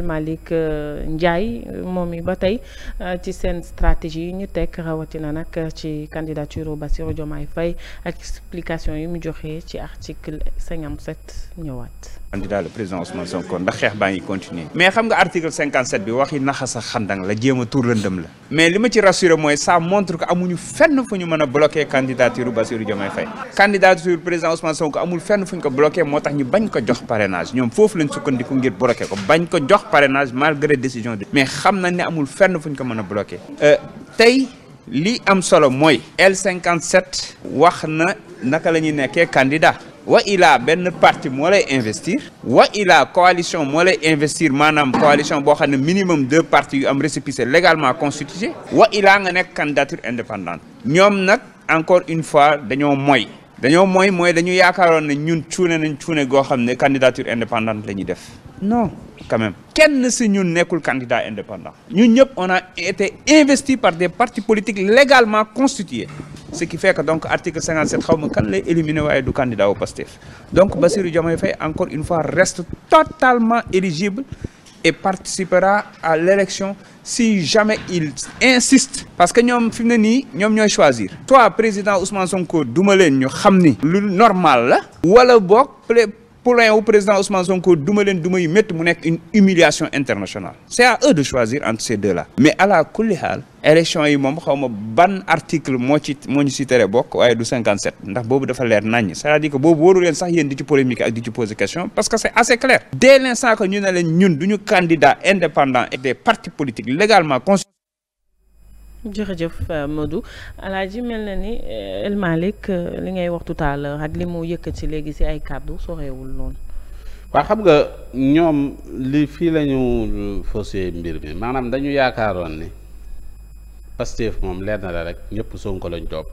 Malick euh, Ndiaye moom yi ba tey euh, ci seen stratégie yi ñu teg rawatina nag euh, ci candidature Bassirou Diomaye Faye ak explication yi mu joxe ci article 57 ñëwaat. candidat le président Ousmane Sonko ndax xeex baa ngi continuer mais xam nga article 57 bi waxi naxa a xandang la jéem a lëndëm la mais li ma ci rassuré mooy sa montre que amuñu fenn fu ñu mën a bloqué candidature Bassirou Diomaye candidature président Ousmane Sonko amul fenn fu ñu ko bloqué moo tax ñu bañ ko jox parrainage ñoom foofu lañ sukkandiku ngir bloqué ko bañ ko jox wax parrainage malgré décision de mais xam na ne amul fenn fu ñu ko mën a bloqué euh, tey li am solo mooy L57 wax na naka la ñuy nekkee candidat wa ilaa benn parti moo lay investir wa ilaa coalition moo lay investir maanaam coalition boo xam ne minimum deux partis yu am récépissé légalement constitué wa ilaa nga nekk candidature indépendante ñoom nag encore une fois dañoo mooy dañoo mooy mooy dañu yaakaaroon ne ñun cuune nañ cuune goo xam ne candidature indépendante la ñuy quand même kenn si ñun nekkul candidat indépendant par des partis politiques légalement constitués ce qui fait que donc article 57 xaw ma kan lay éliminé waaye du candidat au Pastef donc Bassirou Diomaye Faye encore si jamais il insiste parce que ñoom fi mu ne nii ñoom ñooy choisir soit président Ousmane Sonko duma leen ñu lu normal la poulain wu président Ousmane Sonko duma leen duma yu métti mu nekk une humiliation internationale c'est à eux de choisir entre ces deux là mais à la kulli haal élection yi moom xaw ma ban article moo ci moo ñu si tere bokk waaye du 57 ndax boobu dafa leer naññ c'est-à-dire que boobu waru leen sax yéen di polémique ak di ci poser question parce que c'est assez clair dès l'instant que ñu ne du ñu candidat indépendant et des partis politiques jërëjëf euh, Modou Alaaji mel na ni euh, El Malick euh, li ngay wax tout à ak li mu yëkkati léegi si ay kàddu soxewul noonu. waa xam nga ñoom li fii lañu ñu faussé mbir mi maanaam dañu yaakaaroon ni Pastef moom leer na la rek ñëpp Sonko lañ topp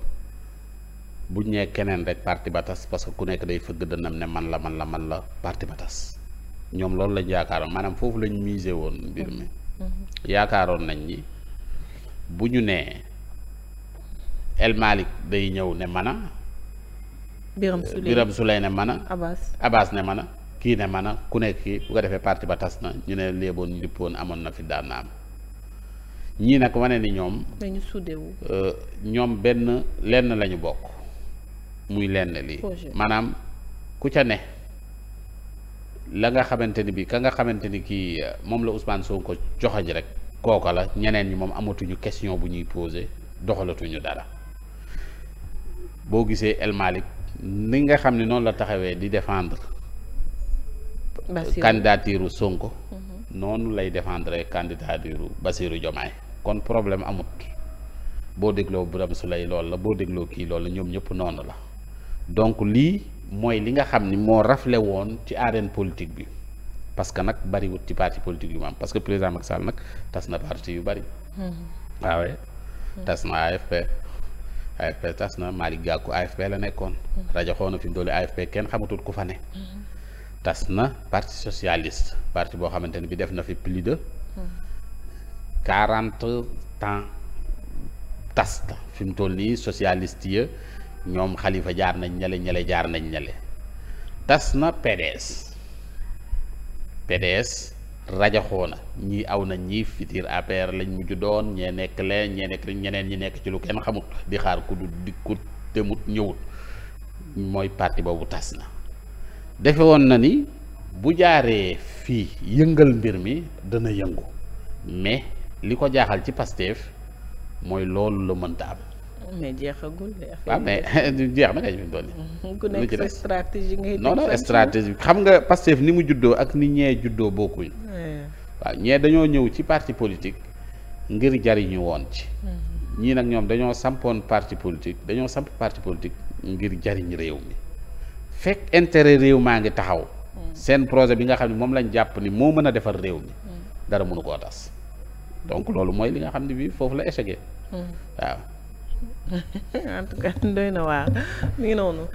buñ nee keneen rek parti ba tas parce que ku nekk day fëgg dënnam ne man la man la man la parti ba tas ñoom loolu lañ yaakaaroon maanaam foofu lañ misé woon mbir mi mm-hmm. yaakaaroon nañ ñi. bu ñu nee El day ñëw ne mana Biram euh, Souley Biram ne mana Abbas Abbas ne mana kii ne mana ku nekk kii bu ko defee parti ba tas na ñu ne léeboon lippoon amoon na fi daan am ñii nag wane ni ñoom dañu suddewu euh, ñoom benn lenn lañu bokk muy lenn lii manaam ku ca ne la nga xamante ni bi ka nga xamante ni kii euh, moom la Ousmane Sonko joxañ rek kooka la ñeneen ñi moom amatuñu question bu ñuy poser doxalatuñu dara boo gisee El Malick ni nga xam ne noonu la taxawee di défendre candidature Sonko mhm. noonu lay défendre candidature Bassirou Diomaye kon problème amut boo dégloo Birame Souleye lool la boo dégloo kii loolu la ñoom ñëpp noonu la donc lii mooy li nga xam ni moo raflé woon ci arène politique bi parce que nag bariwut ci parti politique yu mu am parce que président Macky Sall nag tas na parti yu bari. waaw mm-hmm. ah mm-hmm. tas na AFP. AFP tas na Malick Gakou AFP la nekkoon. Mm-hmm. rajo xoo na fi mu doole AFP kenn xamatul ku fa ne. tas na parti socialiste partie boo xamante ne bi def na fi plus de. quarante ans tas na fi mu toll nii socialiste ya ñoom xalifa jaar nañ ñale ñale jaar nañ ñale tas na PDS. PDS rajaxoo na ñii aw na ñii fitir APR lañ mujj doon ñee nekk leen ñee nekk ñeneen ñi nekk ci lu kenn xamut di xaar ku du di ku demut ñëwut mooy parti boobu tas na defe woon na ni bu jaaree fii yëngal mbir mi dana yëngu mais li ko jaaxal ci Pastef mooy loolu la mënta am mais jeexagul de waaw ah, jeex na kay ñu dolli. ku nekk sa stratégie ngay. non non stratégie xam nga Pastef ni mu juddoo ak ni ñee juddoo bokkuñ. waaw ñee dañoo ñëw ci parti politique ngir jariñu woon ci. Mm-hmm. ñii nag ñoom dañoo sampoon parti politique dañoo samp parti politique ngir jariñ réew mi fekk intérêt réew maa ngi taxaw. Mm. seen projet bi nga xam ne moom lañ jàpp ni moo mën a defar réew mi. Mm. dara mënu koo tas donc loolu mooy li nga xam ne foofu la échec mm. waaw. en :fra tout :fra cas na waar mi noonu